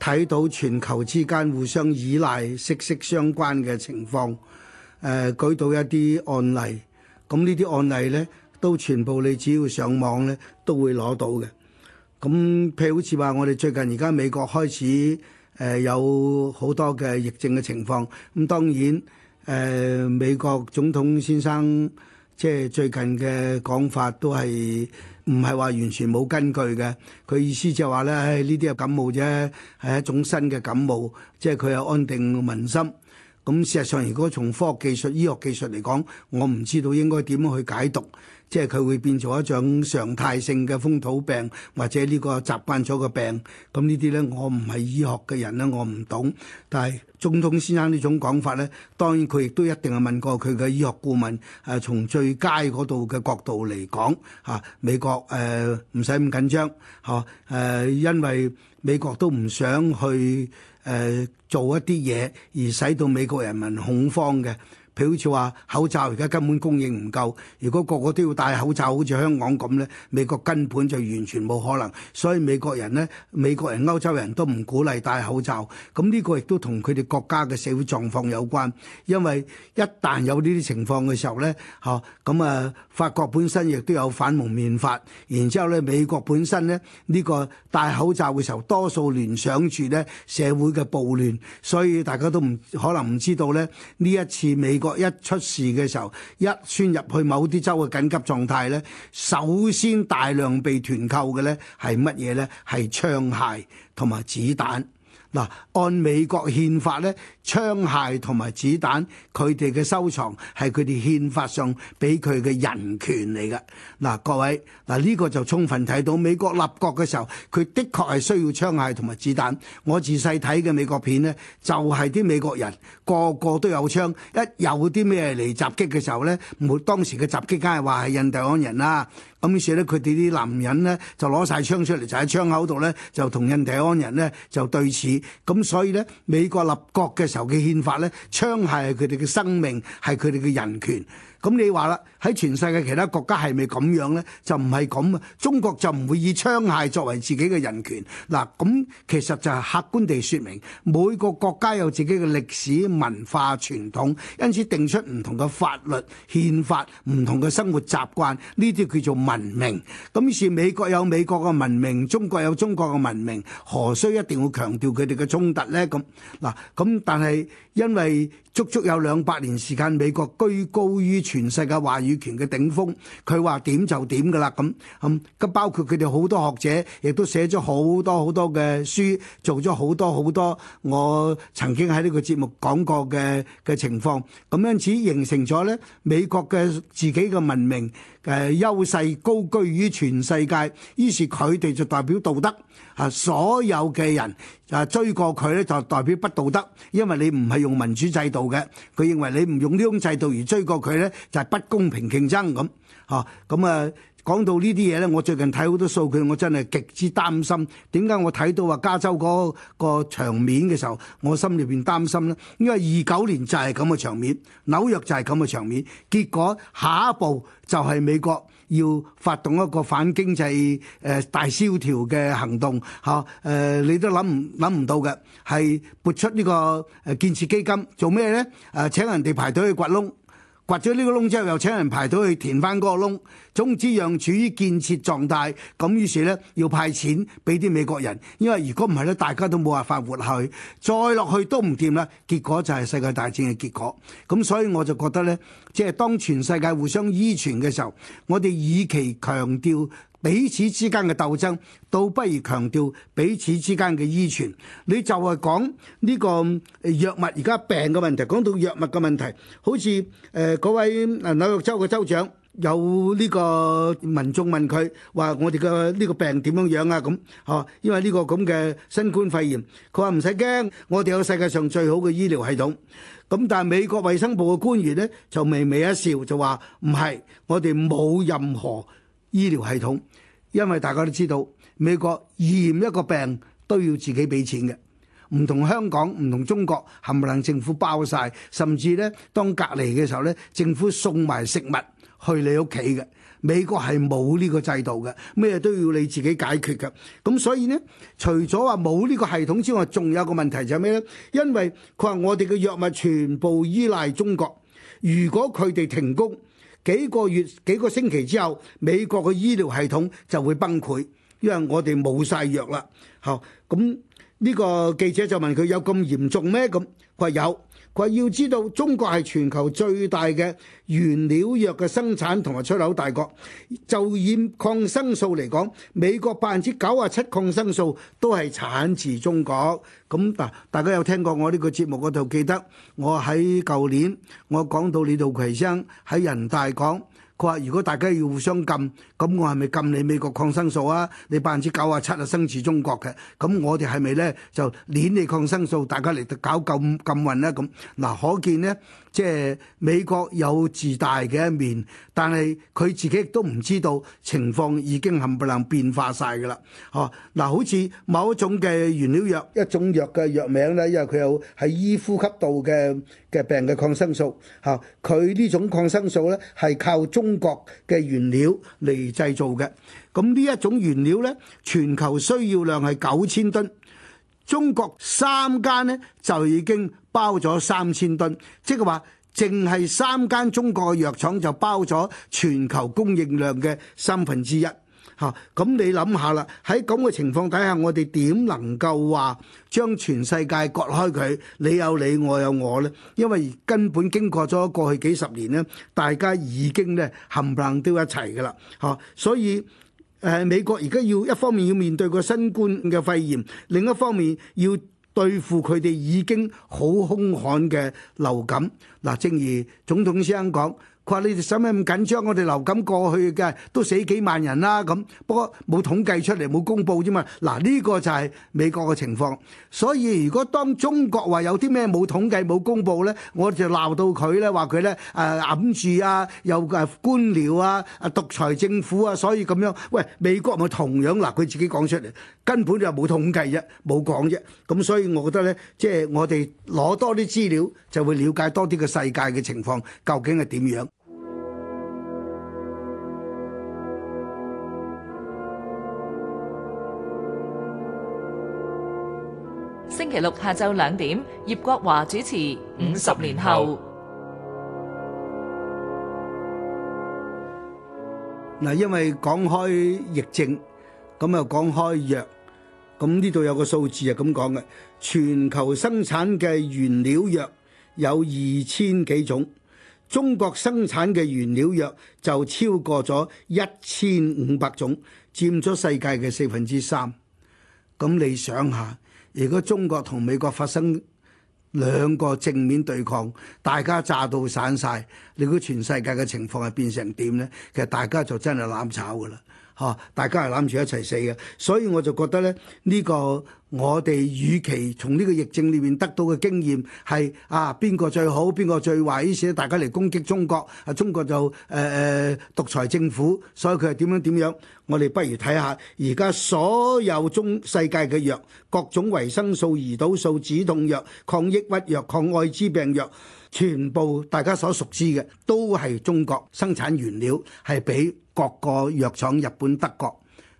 睇到全球之間互相依賴、息息相關嘅情況，誒、呃、舉到一啲案例，咁呢啲案例呢，都全部你只要上網呢都會攞到嘅。咁、嗯、譬如好似話，我哋最近而家美國開始誒、呃、有好多嘅疫症嘅情況，咁、嗯、當然誒、呃、美國總統先生即係最近嘅講法都係。唔係話完全冇根據嘅，佢意思就係話咧，唉呢啲係感冒啫，係、哎、一種新嘅感冒，即係佢有安定民心。咁事實上，如果從科學技術、醫學技術嚟講，我唔知道應該點樣去解讀，即係佢會變做一種常態性嘅風土病，或者呢個習慣咗嘅病。咁呢啲呢，我唔係醫學嘅人咧，我唔懂。但係總統先生呢種講法呢，當然佢亦都一定係問過佢嘅醫學顧問，誒、啊，從最佳嗰度嘅角度嚟講，嚇、啊、美國誒唔使咁緊張，嚇、啊、誒、啊，因為美國都唔想去。誒，做一啲嘢而使到美國人民恐慌嘅。譬如好似話口罩而家根本供應唔夠，如果個個都要戴口罩，好似香港咁咧，美國根本就完全冇可能。所以美國人咧，美國人、歐洲人都唔鼓勵戴口罩。咁呢個亦都同佢哋國家嘅社會狀況有關，因為一旦有呢啲情況嘅時候咧，吓、啊、咁啊，法國本身亦都有反蒙面法。然之後咧，美國本身咧呢、這個戴口罩嘅時候，多數聯想住咧社會嘅暴亂，所以大家都唔可能唔知道咧呢一次美國。一出事嘅時候，一宣入去某啲州嘅緊急狀態咧，首先大量被團購嘅咧，係乜嘢咧？係槍械同埋子彈。嗱，按美國憲法咧，槍械同埋子彈，佢哋嘅收藏係佢哋憲法上俾佢嘅人權嚟㗎。嗱，各位，嗱、這、呢個就充分睇到美國立國嘅時候，佢的確係需要槍械同埋子彈。我自細睇嘅美國片呢，就係、是、啲美國人個個都有槍，一有啲咩嚟襲擊嘅時候呢，唔冇當時嘅襲擊，梗係話係印第安人啦。咁於是咧，佢哋啲男人呢，就攞晒槍出嚟，就喺窗口度呢，就同印第安人呢，就對峙。咁所以呢，美國立國嘅時候嘅憲法咧，槍械係佢哋嘅生命，係佢哋嘅人權。咁你話啦，喺全世界其他國家係咪咁樣咧？就唔係咁啊！中國就唔會以槍械作為自己嘅人權嗱。咁其實就係客觀地説明每個國家有自己嘅歷史文化傳統，因此定出唔同嘅法律憲法、唔同嘅生活習慣，呢啲叫做文明。咁於是美國有美國嘅文明，中國有中國嘅文明，何須一定要強調佢哋嘅衝突咧？咁嗱，咁但係因為足足有兩百年時間，美國居高於全世界話語權嘅頂峰，佢話點就點，噶啦咁咁，咁、嗯、包括佢哋好多學者，亦都寫咗好多好多嘅書，做咗好多好多，我曾經喺呢個節目講過嘅嘅情況，咁樣子形成咗呢美國嘅自己嘅文明。誒優勢高居於全世界，於是佢哋就代表道德，啊所有嘅人啊追過佢呢，就代表不道德，因為你唔係用民主制度嘅，佢認為你唔用呢種制度而追過佢呢，就係不公平競爭。咁，嚇咁啊！嗯啊講到呢啲嘢呢，我最近睇好多數據，我真係極之擔心。點解我睇到話加州嗰個場面嘅時候，我心裏邊擔心呢？因為二九年就係咁嘅場面，紐約就係咁嘅場面，結果下一步就係美國要發動一個反經濟誒大蕭條嘅行動，嚇、啊、誒你都諗唔諗唔到嘅，係撥出呢個建設基金做咩呢？誒、啊、請人哋排隊去掘窿。掘咗呢個窿之後，又請人排隊去填翻嗰個窿。總之，讓處於建設狀態。咁於是呢，要派錢俾啲美國人，因為如果唔係咧，大家都冇辦法活去。再落去都唔掂啦。結果就係世界大戰嘅結果。咁所以我就覺得呢，即係當全世界互相依存嘅時候，我哋以其強調彼此之間嘅鬥爭，倒不如強調彼此之間嘅依存。你就係講呢個藥物而家病嘅問題。講到藥物嘅問題，好似誒嗰位紐約州嘅州長有呢個民眾問佢話：我哋嘅呢個病點樣樣啊？咁哦，因為呢個咁嘅新冠肺炎，佢話唔使驚，我哋有世界上最好嘅醫療系統。咁但係美國衞生部嘅官員呢就微微一笑，就話唔係，我哋冇任何醫療系統。因為大家都知道，美國驗一個病都要自己俾錢嘅，唔同香港，唔同中國，冚唪唥政府包晒，甚至呢，當隔離嘅時候呢，政府送埋食物去你屋企嘅。美國係冇呢個制度嘅，咩都要你自己解決嘅。咁所以呢，除咗話冇呢個系統之外，仲有個問題就係咩呢？因為佢話我哋嘅藥物全部依賴中國，如果佢哋停工，幾個月幾個星期之後，美國嘅醫療系統就會崩潰，因為我哋冇晒藥啦。嚇，咁呢個記者就問佢：有咁嚴重咩？咁佢話有。佢要知道，中國係全球最大嘅原料藥嘅生產同埋出口大國。就以抗生素嚟講，美國百分之九十七抗生素都係產自中國。咁嗱，大家有聽過我呢個節目嗰度？記得我喺舊年我講到李道奎生喺人大講。佢話：如果大家要互相禁，咁我係咪禁你美國抗生素啊？你百分之九啊七啊生自中國嘅，咁我哋係咪咧就碾你抗生素，大家嚟搞禁禁運咧？咁嗱，可見呢。即係美國有自大嘅一面，但係佢自己亦都唔知道情況已經冚唪唥變化晒噶啦。哦，嗱，好似某一種嘅原料藥，一種藥嘅藥名呢，因為佢有喺醫呼吸道嘅嘅病嘅抗生素。嚇，啊，佢呢種抗生素呢，係靠中國嘅原料嚟製造嘅。咁呢一種原料呢，全球需要量係九千噸，中國三間呢，就已經包咗三千噸，即係話淨係三間中國藥廠就包咗全球供應量嘅三分之一。吓，咁你諗下啦，喺咁嘅情況底下，我哋點能夠話將全世界割開佢？你有你，我有我咧，因為根本經過咗過去幾十年咧，大家已經咧冚唪唥都一齊噶啦。吓，所以誒、呃，美國而家要一方面要面對個新冠嘅肺炎，另一方面要。對付佢哋已經好凶悍嘅流感，嗱，正如總統先生講。佢話你哋使咩咁緊張？我哋流感過去嘅都死幾萬人啦咁，不過冇統計出嚟，冇公佈啫嘛。嗱呢個就係美國嘅情況。所以如果當中國話有啲咩冇統計冇公佈咧，我就鬧到佢咧，話佢咧誒揞住啊，又係官僚啊、啊獨裁政府啊，所以咁樣。喂，美國咪同樣嗱佢自己講出嚟，根本就冇統計啫，冇講啫。咁所以我覺得咧，即係我哋攞多啲資料就會了解多啲嘅世界嘅情況究竟係點樣。星期六下晝兩點，葉國華主持《五十年後》。嗱，因為講開疫症，咁又講開藥，咁呢度有個數字係咁講嘅，全球生產嘅原料藥有二千幾種，中國生產嘅原料藥就超過咗一千五百種，佔咗世界嘅四分之三。咁你想下？如果中國同美國發生兩個正面對抗，大家炸到散晒，你估全世界嘅情況係變成點呢？其實大家就真係攬炒㗎喇。嚇、啊！大家係攬住一齊死嘅，所以我就覺得咧，呢、這個我哋與其從呢個疫症裏面得到嘅經驗係啊邊個最好，邊個最壞，於是大家嚟攻擊中國，啊中國就誒誒、呃、獨裁政府，所以佢係點樣點樣。我哋不如睇下而家所有中世界嘅藥，各種維生素、胰島素、止痛藥、抗抑鬱藥、抗艾滋病藥。全部大家所熟知嘅都係中國生產原料，係俾各個藥廠、日本、德國、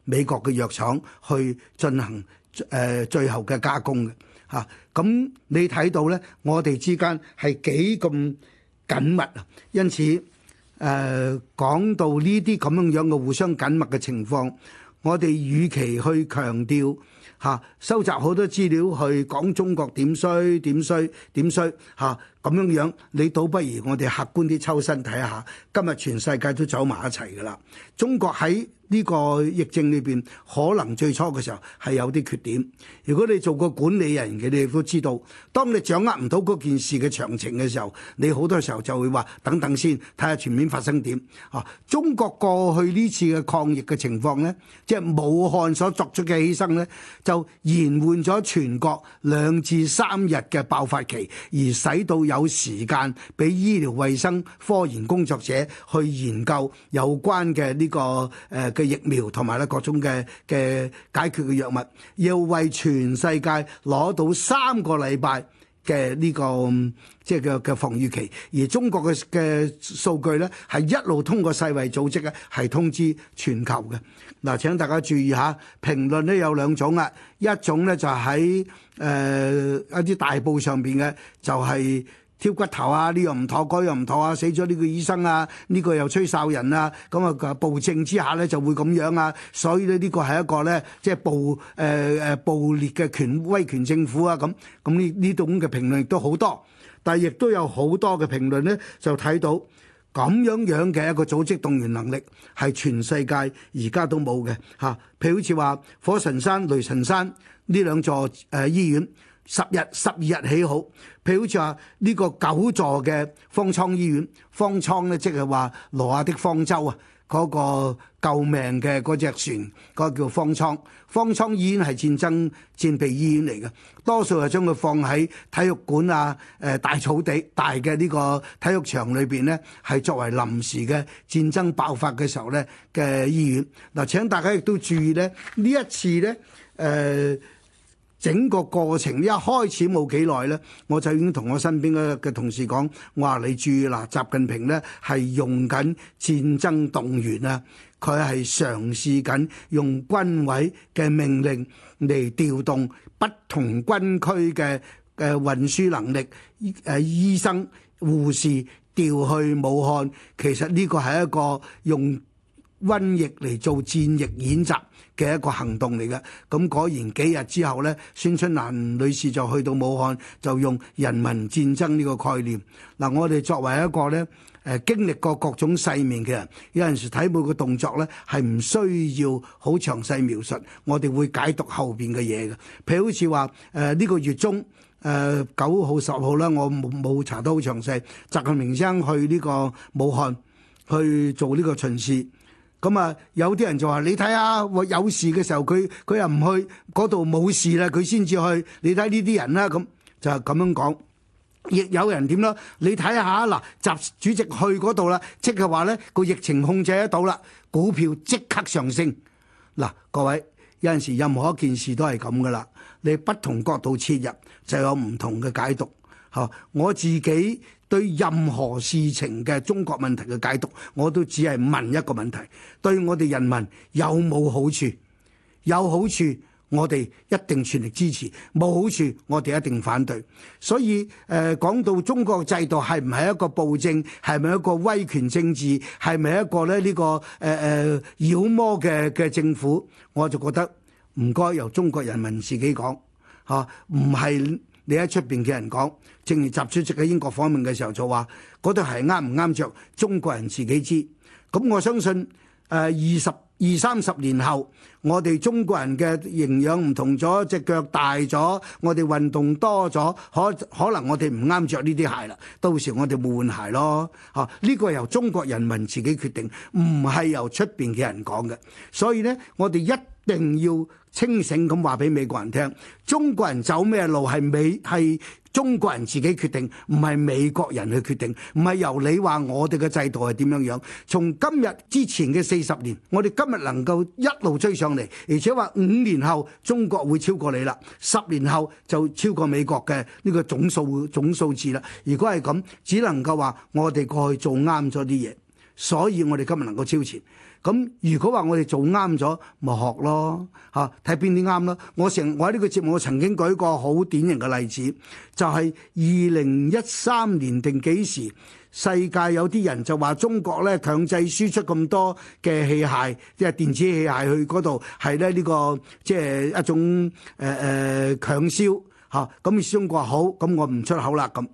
美國嘅藥廠去進行誒最後嘅加工嘅嚇。咁你睇到呢，我哋之間係幾咁緊密啊！因此誒講到呢啲咁樣樣嘅互相緊密嘅情況，我哋與其去強調嚇收集好多資料去講中國點衰點衰點衰嚇。咁樣樣，你倒不如我哋客觀啲抽身睇下，今日全世界都走埋一齊㗎喇。中國喺呢個疫症裏邊，可能最初嘅時候係有啲缺點。如果你做過管理人，你哋都知道，當你掌握唔到嗰件事嘅詳情嘅時候，你好多時候就會話等等先，睇下全面發生點。啊，中國過去呢次嘅抗疫嘅情況呢，即係武漢所作出嘅犧牲呢，就延緩咗全國兩至三日嘅爆發期，而使到有。有時間俾醫療、衞生、科研工作者去研究有關嘅呢、這個誒嘅、呃、疫苗，同埋咧各種嘅嘅解決嘅藥物，要為全世界攞到三個禮拜嘅呢個即係嘅嘅防禦期。而中國嘅嘅數據呢，係一路通過世衞組織嘅係通知全球嘅。嗱、呃，請大家注意下，評論呢，有兩種啊，一種呢，就喺誒一啲大報上邊嘅，就係、是。挑骨頭啊！呢樣唔妥，嗰樣唔妥啊！死咗呢個醫生啊！呢個又吹哨人啊！咁啊，暴政之下咧就會咁樣啊！所以呢，呢個係一個咧，即係暴誒誒暴烈嘅權威權政府啊！咁咁呢呢種嘅評論亦都好多，但係亦都有好多嘅評論咧，就睇到咁樣樣嘅一個組織動員能力係全世界而家都冇嘅嚇。譬如好似話火神山、雷神山呢兩座誒、呃、醫院。十日、十二日起好，譬如好似話呢個九座嘅方艙醫院，方艙咧即係話羅亞的方舟啊，嗰個救命嘅嗰隻船，嗰個叫方艙。方艙醫院係戰爭戰備醫院嚟嘅，多數係將佢放喺體育館啊、誒、呃、大草地、大嘅呢個體育場裏邊呢，係作為臨時嘅戰爭爆發嘅時候呢嘅醫院。嗱、呃，請大家亦都注意呢，呢一次呢。誒、呃。整個過程一開始冇幾耐呢，我就已經同我身邊嘅同事講，我話你注意喇，習近平呢係用緊戰爭動員啊，佢係嘗試緊用軍委嘅命令嚟調動不同軍區嘅嘅運輸能力，誒醫生、護士調去武漢，其實呢個係一個用瘟疫嚟做戰役演習嘅一個行動嚟嘅，咁果然幾日之後呢，孫春蘭女士就去到武漢，就用人民戰爭呢個概念。嗱、啊，我哋作為一個呢誒經歷過各種世面嘅人，有陣時睇每個動作呢係唔需要好詳細描述，我哋會解讀後邊嘅嘢嘅。譬如好似話誒呢個月中誒九號十號咧，我冇查到好詳細，習近平將去呢個武漢去做呢個巡視。咁啊，有啲人就話：你睇下，我有事嘅時候，佢佢又唔去嗰度；冇事啦，佢先至去。你睇呢啲人啦，咁就係咁樣講。亦有人點啦？你睇下嗱，習主席去嗰度啦，即係話咧個疫情控制得到啦，股票即刻上升嗱。各位有陣時任何一件事都係咁噶啦，你不同角度切入就有唔同嘅解讀。我自己對任何事情嘅中國問題嘅解讀，我都只係問一個問題：對我哋人民有冇好處？有好處，我哋一定全力支持；冇好處，我哋一定反對。所以誒，講、呃、到中國制度係唔係一個暴政？係咪一個威權政治？係咪一個咧呢、這個誒誒、呃、妖魔嘅嘅政府？我就覺得唔該由中國人民自己講吓，唔、啊、係。你喺出邊嘅人講，正如習主席喺英國訪問嘅時候就話，嗰對鞋啱唔啱着？中國人自己知。咁我相信，誒二十二三十年後，我哋中國人嘅營養唔同咗，隻腳大咗，我哋運動多咗，可可能我哋唔啱着呢啲鞋啦。到時我哋會換鞋咯。嚇、啊，呢個由中國人民自己決定，唔係由出邊嘅人講嘅。所以呢，我哋一定要。清醒咁話俾美國人聽，中國人走咩路係美係中國人自己決定，唔係美國人去決定，唔係由你話我哋嘅制度係點樣樣。從今日之前嘅四十年，我哋今日能夠一路追上嚟，而且話五年後中國會超過你啦，十年後就超過美國嘅呢個總數總數字啦。如果係咁，只能夠話我哋過去做啱咗啲嘢，所以我哋今日能夠超前。咁如果話我哋做啱咗，咪學咯吓，睇邊啲啱咯。我成我喺呢個節目，我曾經舉過好典型嘅例子，就係二零一三年定幾時，世界有啲人就話中國咧強制輸出咁多嘅器械，即係電子器械去嗰度，係咧呢、呢個即係一種誒誒、呃呃、強銷吓。咁、啊、中國好，咁我唔出口啦，咁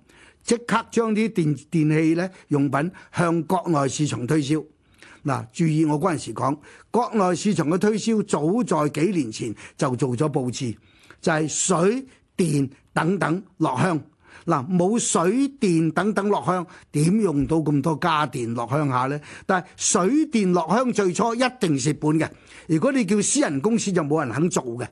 即刻將啲電電器咧用品向國內市場推銷。嗱，注意我嗰陣時講，國內市場嘅推銷早在幾年前就做咗佈置，就係水電等等落鄉。嗱，冇水電等等落鄉，點用到咁多家電落鄉下呢？但係水電落鄉最初一定蝕本嘅，如果你叫私人公司就冇人肯做嘅。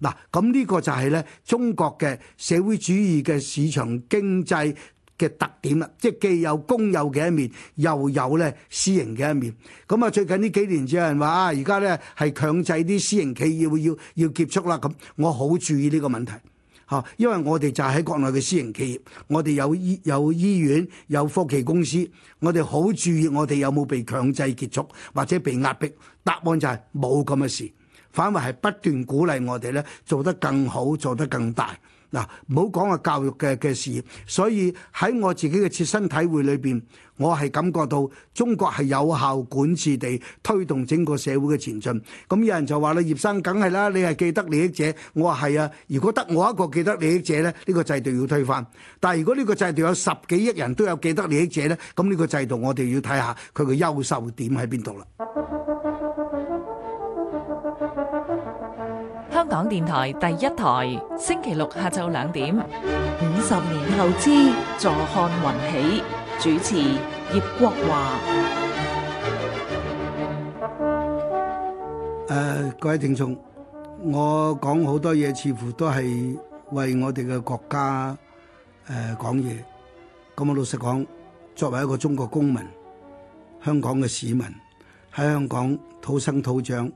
嗱，咁呢個就係呢中國嘅社會主義嘅市場經濟。嘅特點啦，即係既有公有嘅一面，又有咧私營嘅一面。咁啊，最近呢幾年就有人話啊，而家咧係強制啲私營企業會要要結束啦。咁我好注意呢個問題，吓，因為我哋就係喺國內嘅私營企業，我哋有醫有醫院，有科技公司，我哋好注意我哋有冇被強制結束或者被壓迫。答案就係冇咁嘅事，反為係不斷鼓勵我哋咧做得更好，做得更大。嗱，唔好講啊教育嘅嘅事業，所以喺我自己嘅切身體會裏邊，我係感覺到中國係有效管治地推動整個社會嘅前進。咁有人就話咧，葉生梗係啦，你係既得利益者，我話係啊。如果得我一個既得利益者呢，呢個制度要推翻。但係如果呢個制度有十幾億人都有既得利益者呢，咁呢個制度我哋要睇下佢嘅優秀點喺邊度啦。香港電台第一台，星期六下晝兩點，五十年後之坐看雲起，主持葉國華。誒，各位聽眾，我講好多嘢，似乎都係為我哋嘅國家誒講嘢。咁我老實講，作為一個中國公民、香港嘅市民，喺香港土生土長，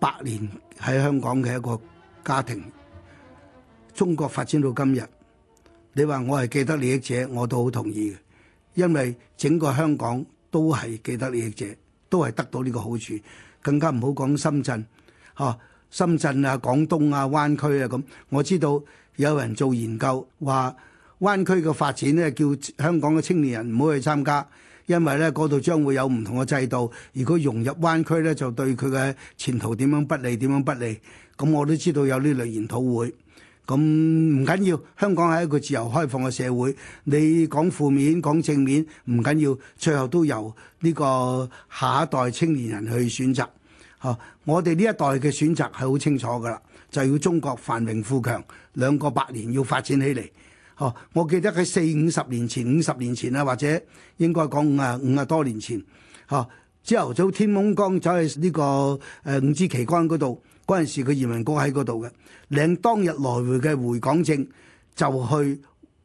百年喺香港嘅一個。家庭，中國發展到今日，你話我係既得利益者，我都好同意嘅，因為整個香港都係既得利益者，都係得到呢個好處。更加唔好講深圳，嚇、啊、深圳啊、廣東啊、灣區啊咁。我知道有人做研究話，灣區嘅發展呢，叫香港嘅青年人唔好去參加，因為呢嗰度將會有唔同嘅制度。如果融入灣區呢，就對佢嘅前途點樣不利，點樣不利。咁、嗯、我都知道有呢類研討會，咁唔緊要。香港係一個自由開放嘅社會，你講負面講正面唔緊要，最後都由呢個下一代青年人去選擇。嚇、嗯，我哋呢一代嘅選擇係好清楚㗎啦，就要中國繁榮富強，兩個百年要發展起嚟。嚇、嗯，我記得喺四五十年前、五十年前啦，或者應該講五啊五啊多年前，嚇、嗯，朝頭早天蒙光走去呢個誒五支旗杆嗰度。嗰陣時佢移民局喺嗰度嘅，領當日來回嘅回港證，就去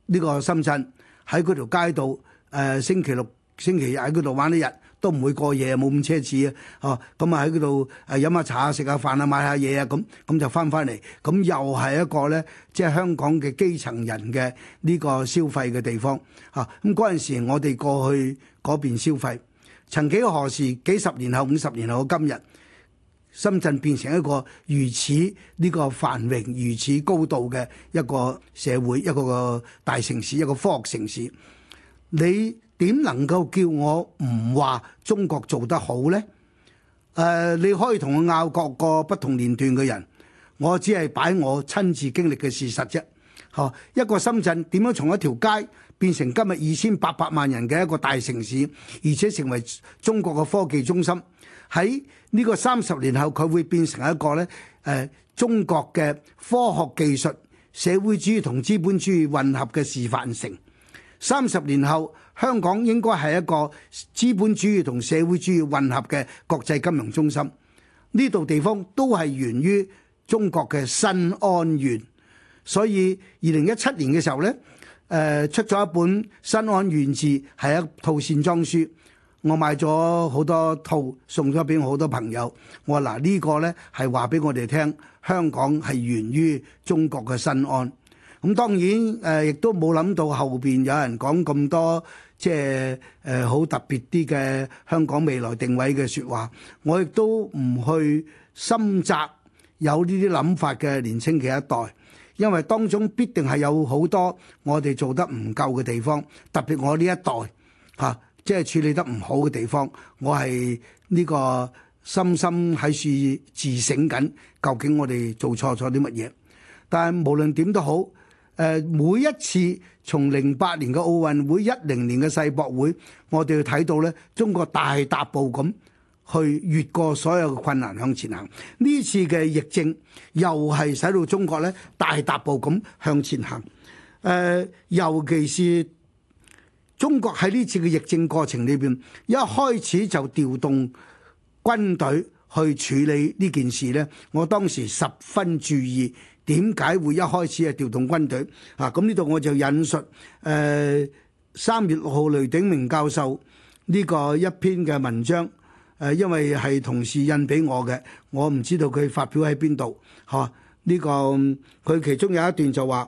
呢個深圳喺嗰條街度。誒星期六、星期日喺嗰度玩一日都唔會過夜，冇咁奢侈啊！哦，咁啊喺嗰度誒飲下茶啊、食下飯啊、買下嘢啊，咁咁就翻翻嚟。咁又係一個呢，即係香港嘅基層人嘅呢個消費嘅地方嚇。咁嗰陣時我哋過去嗰邊消費，曾幾何時幾十年後、五十年後嘅今日。深圳變成一個如此呢個繁榮、如此高度嘅一個社會、一個大城市、一個科學城市，你點能夠叫我唔話中國做得好呢？誒、呃，你可以同我拗各個不同年段嘅人，我只係擺我親自經歷嘅事實啫。嗬，一個深圳點樣從一條街變成今日二千八百萬人嘅一個大城市，而且成為中國嘅科技中心。喺呢個三十年後，佢會變成一個咧誒、呃、中國嘅科學技術社會主義同資本主義混合嘅示範城。三十年後，香港應該係一個資本主義同社會主義混合嘅國際金融中心。呢、這、度、個、地方都係源於中國嘅新安縣，所以二零一七年嘅時候呢，誒、呃、出咗一本《新安縣志》，係一套線裝書。我買咗好多套送咗俾好多朋友，我話嗱，呢個呢係話俾我哋聽，香港係源於中國嘅新安。咁當然誒，亦都冇諗到後邊有人講咁多即係誒好特別啲嘅香港未來定位嘅説話。我亦都唔去深責有呢啲諗法嘅年輕嘅一代，因為當中必定係有好多我哋做得唔夠嘅地方，特別我呢一代嚇。啊即係處理得唔好嘅地方，我係呢、這個深深喺處自省緊，究竟我哋做錯咗啲乜嘢？但係無論點都好，誒每一次從零八年嘅奧運會、一零年嘅世博會，我哋要睇到呢中國大踏步咁去越過所有嘅困難向前行。呢次嘅疫症又係使到中國呢大踏步咁向前行，誒、呃、尤其是。中國喺呢次嘅疫症過程裏邊，一開始就調動軍隊去處理呢件事呢。我當時十分注意點解會一開始係調動軍隊啊。咁呢度我就引述誒三月六號雷鼎明教授呢個一篇嘅文章誒、啊，因為係同事印俾我嘅，我唔知道佢發表喺邊度。嚇、啊、呢個佢其中有一段就話。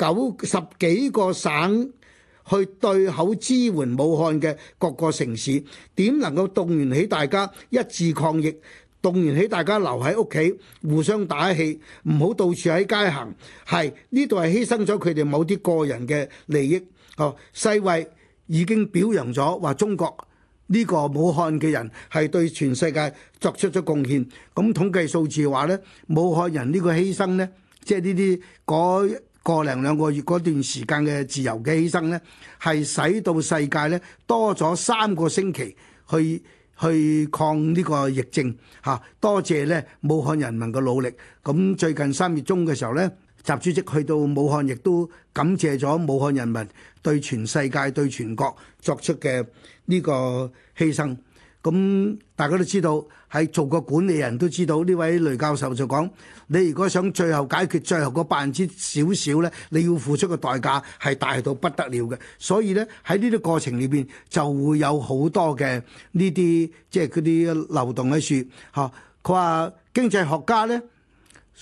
九十幾個省去對口支援武漢嘅各個城市，點能夠動員起大家一致抗疫，動員起大家留喺屋企，互相打氣，唔好到處喺街行？係呢度係犧牲咗佢哋某啲個人嘅利益。哦，世衛已經表揚咗話，中國呢個武漢嘅人係對全世界作出咗貢獻。咁統計數字話呢，武漢人呢個犧牲呢，即係呢啲嗰。個零兩個月嗰段時間嘅自由嘅犧牲呢，係使到世界呢多咗三個星期去去抗呢個疫症嚇。多謝呢武漢人民嘅努力。咁最近三月中嘅時候呢，習主席去到武漢，亦都感謝咗武漢人民對全世界、對全國作出嘅呢個犧牲。咁大家都知道，係做個管理人都知道，呢位雷教授就講：你如果想最後解決最後個百分之少少呢，你要付出嘅代價係大到不得了嘅。所以呢，喺呢啲過程裏邊就會有好多嘅呢啲即係嗰啲流動喺樹嚇。佢、啊、話經濟學家呢。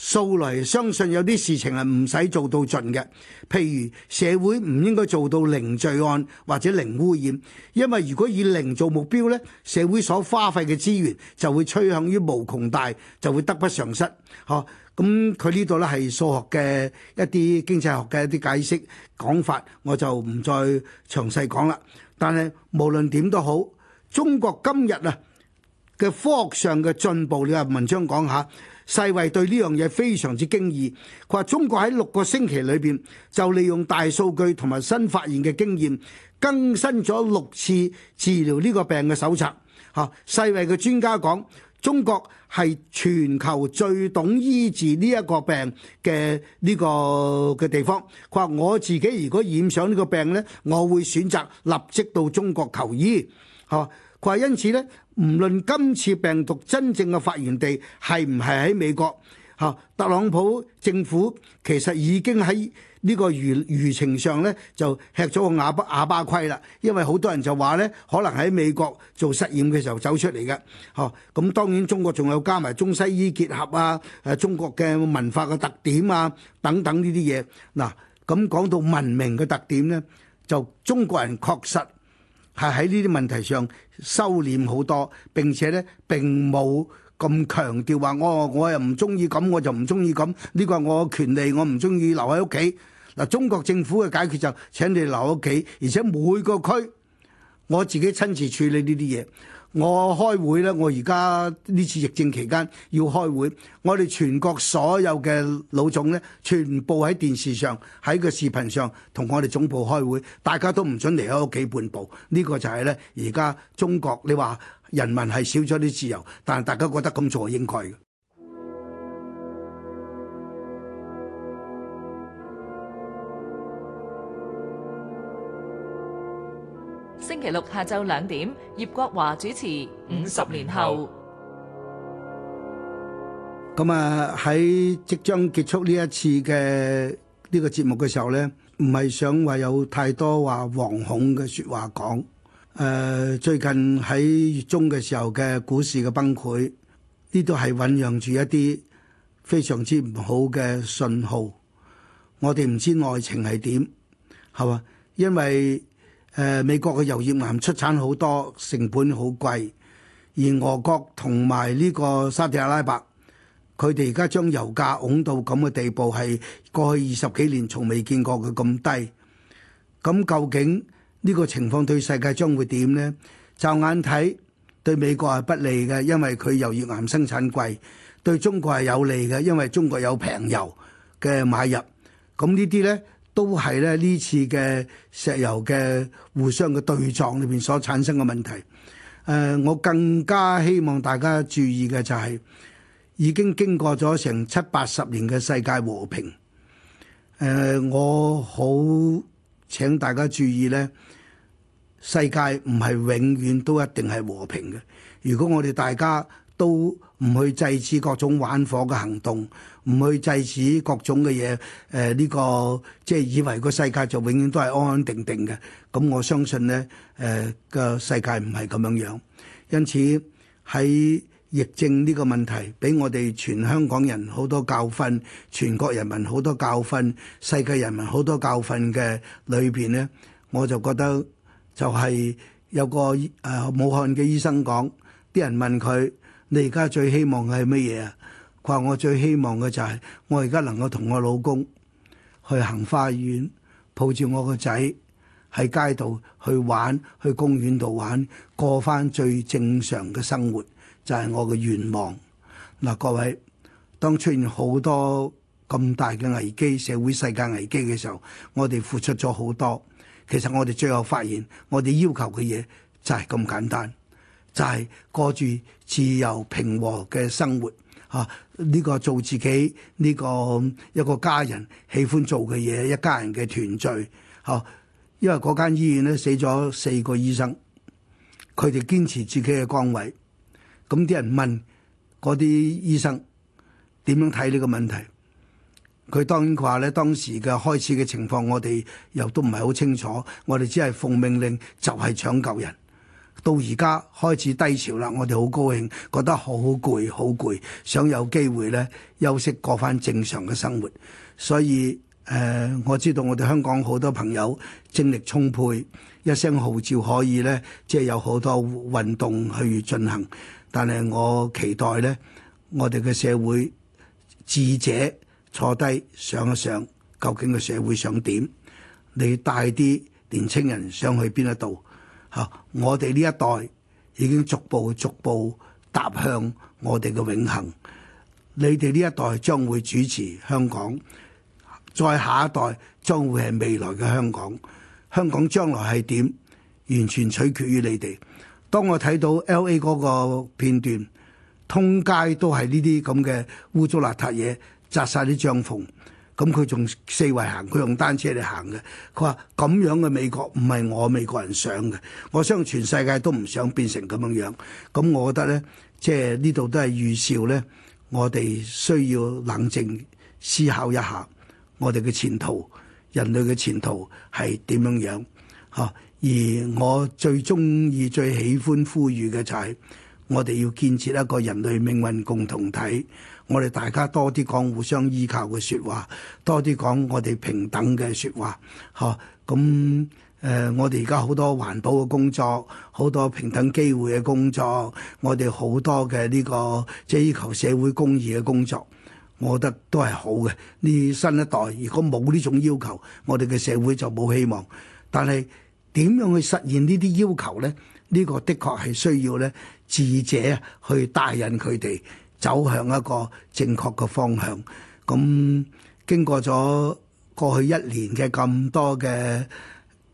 素嚟相信有啲事情係唔使做到盡嘅，譬如社會唔應該做到零罪案或者零污染，因為如果以零做目標呢，社會所花費嘅資源就會趨向於無窮大，就會得不償失。嚇，咁佢呢度呢係數學嘅一啲經濟學嘅一啲解釋講法，我就唔再詳細講啦。但係無論點都好，中國今日啊！嘅科學上嘅進步，你話文章講下，世衞對呢樣嘢非常之驚異。佢話中國喺六個星期裏邊就利用大數據同埋新發現嘅經驗，更新咗六次治療呢個病嘅手冊。嚇、啊，世衞嘅專家講，中國係全球最懂醫治呢一個病嘅呢、這個嘅地方。佢話我自己如果染上呢個病呢，我會選擇立即到中國求醫。嚇、啊，佢話因此呢。」唔論今次病毒真正嘅發源地係唔係喺美國，嚇、特朗普政府其實已經喺呢個輿輿情上呢就吃咗個啞巴啞巴虧啦，因為好多人就話呢，可能喺美國做實驗嘅時候走出嚟嘅，嚇、咁當然中國仲有加埋中西醫結合啊，誒中國嘅文化嘅特點啊等等呢啲嘢，嗱咁講到文明嘅特點呢，就中國人確實。係喺呢啲問題上收斂好多，並且呢並冇咁強調話我我又唔中意咁，我就唔中意咁。呢個係我嘅權利，我唔中意留喺屋企。嗱，中國政府嘅解決就請你留喺屋企，而且每個區我自己親自處理呢啲嘢。我開會呢，我而家呢次疫症期間要開會，我哋全國所有嘅老總呢，全部喺電視上喺個視頻上同我哋總部開會，大家都唔准離開屋企半步，呢、呢個就係呢：而家中國，你話人民係少咗啲自由，但係大家覺得咁做係應該嘅。六下晝兩點，葉國華主持《五十年後》。咁啊，喺即將結束呢一次嘅呢個節目嘅時候呢，唔係想話有太多話惶恐嘅說話講。誒，最近喺月中嘅時候嘅股市嘅崩潰，呢都係醞釀住一啲非常之唔好嘅信號。我哋唔知愛情係點，係嘛？因為。誒，美國嘅油頁岩出產好多，成本好貴，而俄國同埋呢個沙特阿拉伯，佢哋而家將油價拱到咁嘅地步，係過去二十幾年從未見過佢咁低。咁究竟呢個情況對世界將會點呢？就眼睇對美國係不利嘅，因為佢油頁岩生產貴；對中國係有利嘅，因為中國有平油嘅買入。咁呢啲呢？都係咧，呢次嘅石油嘅互相嘅對撞裏邊所產生嘅問題。誒、呃，我更加希望大家注意嘅就係、是、已經經過咗成七八十年嘅世界和平。誒、呃，我好請大家注意呢，世界唔係永遠都一定係和平嘅。如果我哋大家都唔去制止各種玩火嘅行動。唔去制止各種嘅嘢，誒呢個即係以為個世界就永遠都係安安定定嘅。咁我相信呢，誒個世界唔係咁樣樣。因此喺疫症呢個問題俾我哋全香港人好多教訓，全國人民好多教訓，世界人民好多教訓嘅裏邊呢，我就覺得就係有個誒武漢嘅醫生講，啲人問佢：你而家最希望係乜嘢啊？話我最希望嘅就係我而家能夠同我老公去行花園，抱住我個仔喺街度去玩，去公園度玩，過翻最正常嘅生活就係我嘅願望嗱。各位當出現好多咁大嘅危機、社會世界危機嘅時候，我哋付出咗好多，其實我哋最後發現，我哋要求嘅嘢就係咁簡單，就係過住自由平和嘅生活。啊！呢、這個做自己，呢、這個、嗯、一個家人喜歡做嘅嘢，一家人嘅團聚。嚇、啊，因為嗰間醫院咧死咗四個醫生，佢哋堅持自己嘅崗位。咁啲人問啲醫生點樣睇呢個問題？佢當然話咧，當時嘅開始嘅情況我哋又都唔係好清楚。我哋只係奉命令就係、是、搶救人。到而家開始低潮啦，我哋好高興，覺得好攰好攰，想有機會呢休息過返正常嘅生活。所以誒、呃，我知道我哋香港好多朋友精力充沛，一聲號召可以呢，即係有好多運動去進行。但係我期待呢，我哋嘅社會智者坐低想一想，究竟個社會想點？你帶啲年輕人想去邊一度？嚇！我哋呢一代已經逐步逐步踏向我哋嘅永恆。你哋呢一代將會主持香港，再下一代將會係未來嘅香港。香港將來係點？完全取決於你哋。當我睇到 L.A. 嗰個片段，通街都係呢啲咁嘅污糟邋遢嘢，紮晒啲帳篷。咁佢仲四圍行，佢用單車嚟行嘅。佢話咁樣嘅美國唔係我美國人想嘅，我相信全世界都唔想變成咁樣樣。咁我覺得咧，即係呢度都係預兆咧，我哋需要冷靜思考一下我哋嘅前途，人類嘅前途係點樣樣？嚇！而我最鍾意、最喜歡呼籲嘅就係我哋要建設一個人類命運共同體。我哋大家多啲講互相依靠嘅説話，多啲講我哋平等嘅説話，嚇，咁誒，我哋而家好多環保嘅工作，好多平等機會嘅工作，我哋好多嘅呢個即係要求社會公義嘅工作，我覺得都係好嘅。呢新一代如果冇呢種要求，我哋嘅社會就冇希望。但係點樣去實現呢啲要求咧？呢個的確係需要咧智者去帶引佢哋。走向一個正確嘅方向。咁經過咗過去一年嘅咁多嘅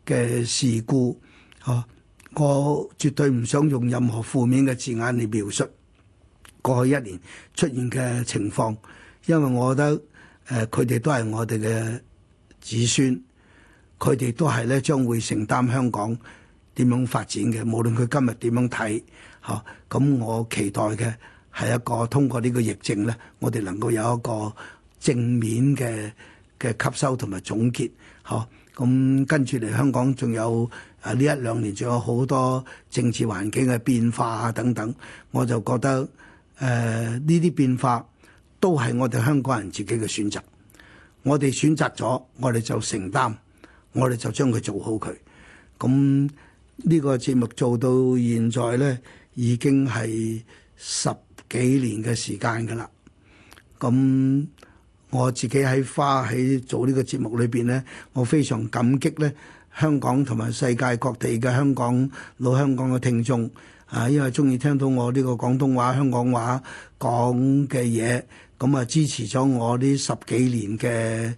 嘅事故，吓，我絕對唔想用任何負面嘅字眼嚟描述過去一年出現嘅情況，因為我覺得誒佢哋都係我哋嘅子孫，佢哋都係咧將會承擔香港點樣發展嘅，無論佢今日點樣睇吓，咁我期待嘅。係一個通過呢個疫症咧，我哋能夠有一個正面嘅嘅吸收同埋總結，嗬。咁跟住嚟，香港仲有啊呢一兩年仲有好多政治環境嘅變化啊等等，我就覺得誒呢啲變化都係我哋香港人自己嘅選擇。我哋選擇咗，我哋就承擔，我哋就將佢做好佢。咁呢個節目做到現在咧，已經係十幾年嘅時間㗎啦，咁我自己喺花喺做呢個節目裏邊呢，我非常感激呢香港同埋世界各地嘅香港老香港嘅聽眾啊，因為鍾意聽到我呢個廣東話香港話講嘅嘢，咁啊支持咗我呢十幾年嘅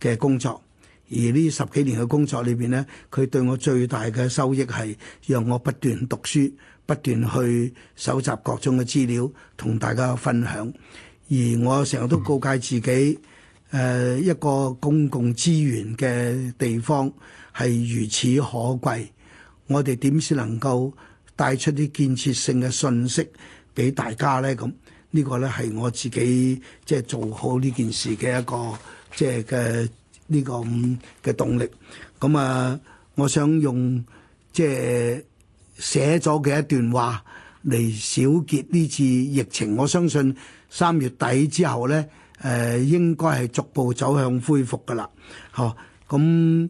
嘅工作。而呢十幾年嘅工作裏邊呢，佢對我最大嘅收益係讓我不斷讀書。不斷去搜集各種嘅資料，同大家分享。而我成日都告誡自己，誒、呃、一個公共資源嘅地方係如此可貴，我哋點先能夠帶出啲建設性嘅訊息俾大家咧？咁呢個咧係我自己即係做好呢件事嘅一個即係嘅呢個咁嘅、嗯、動力。咁啊，我想用即係。寫咗嘅一段話嚟小結呢次疫情，我相信三月底之後呢誒、呃、應該係逐步走向恢復噶啦，呵，咁誒、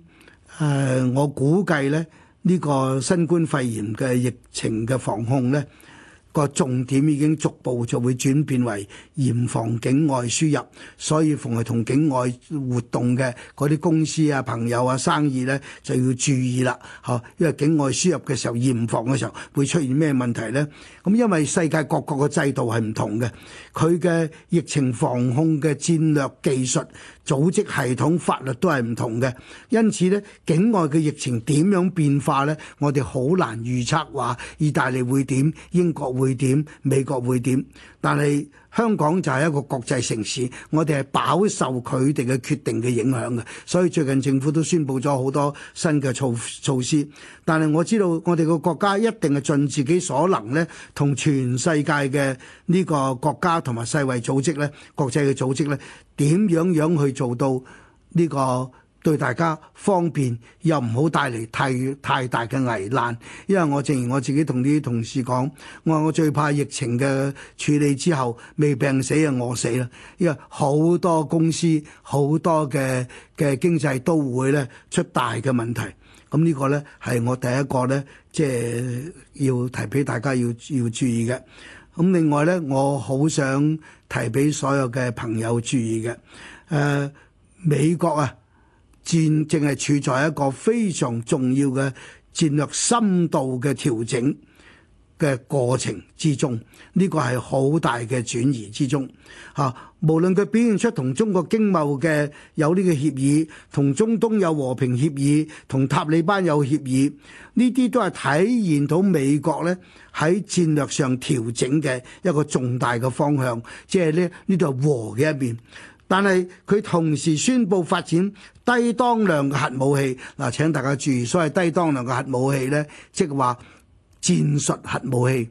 呃、我估計咧呢、呢個新冠肺炎嘅疫情嘅防控呢。個重點已經逐步就會轉變為嚴防境外輸入，所以逢係同境外活動嘅嗰啲公司啊、朋友啊、生意咧，就要注意啦，吓，因為境外輸入嘅時候、嚴防嘅時候，會出現咩問題咧？咁因為世界各國嘅制度係唔同嘅，佢嘅疫情防控嘅戰略、技術組織系統法律都係唔同嘅，因此咧，境外嘅疫情點樣變化咧，我哋好難預測話意大利會點、英國會。會點？美國會點？但係香港就係一個國際城市，我哋係飽受佢哋嘅決定嘅影響嘅，所以最近政府都宣布咗好多新嘅措措施。但係我知道，我哋個國家一定係盡自己所能咧，同全世界嘅呢個國家同埋世衛組織咧，國際嘅組織咧，點樣樣去做到呢個？對大家方便又唔好帶嚟太太大嘅危難，因為我正如我自己同啲同事講，我話我最怕疫情嘅處理之後未病死啊，餓死啦，因為好多公司好多嘅嘅經濟都會咧出大嘅問題。咁、嗯這個、呢個咧係我第一個咧，即、就、係、是、要提俾大家要要注意嘅。咁、嗯、另外咧，我好想提俾所有嘅朋友注意嘅，誒、呃、美國啊！戰正係處在一個非常重要嘅戰略深度嘅調整嘅過程之中，呢個係好大嘅轉移之中。嚇，無論佢表現出同中國經貿嘅有呢個協議，同中東有和平協議，同塔利班有協議，呢啲都係體現到美國呢喺戰略上調整嘅一個重大嘅方向呢，即係呢呢度係和嘅一面。但係佢同時宣布發展。低當量嘅核武器嗱，請大家注意，所謂低當量嘅核武器咧，即係話戰術核武器。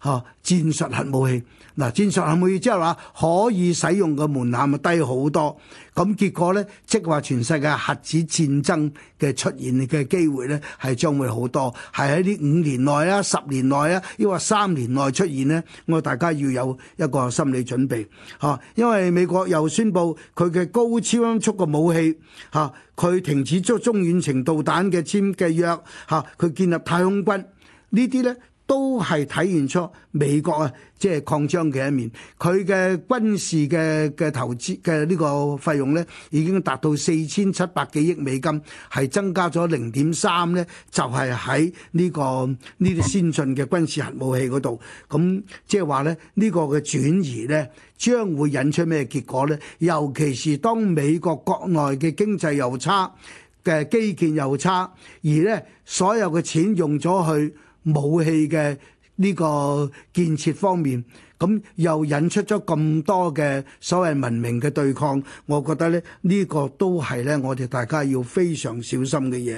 嚇、啊，戰術核武器嗱、啊，戰術核武器即係話可以使用嘅門檻咪低好多，咁結果呢，即係話全世界核子戰爭嘅出現嘅機會呢，係將會好多，係喺呢五年內啊、十年內啊，抑或三年內出現呢？我、那個、大家要有一個心理準備嚇、啊，因為美國又宣布佢嘅高超音速嘅武器嚇，佢、啊、停止咗中遠程導彈嘅簽嘅約嚇，佢、啊、建立太空軍呢啲呢。都係體現出美國啊，即係擴張嘅一面。佢嘅軍事嘅嘅投資嘅呢個費用呢，已經達到四千七百幾億美金，係增加咗零點三呢就係喺呢個呢啲先進嘅軍事核武器嗰度。咁即係話呢，呢個嘅轉移呢，將會引出咩結果呢？尤其是當美國國內嘅經濟又差嘅基建又差，而呢所有嘅錢用咗去。武器嘅呢個建設方面，咁又引出咗咁多嘅所謂文明嘅對抗，我覺得咧呢個都係咧我哋大家要非常小心嘅嘢。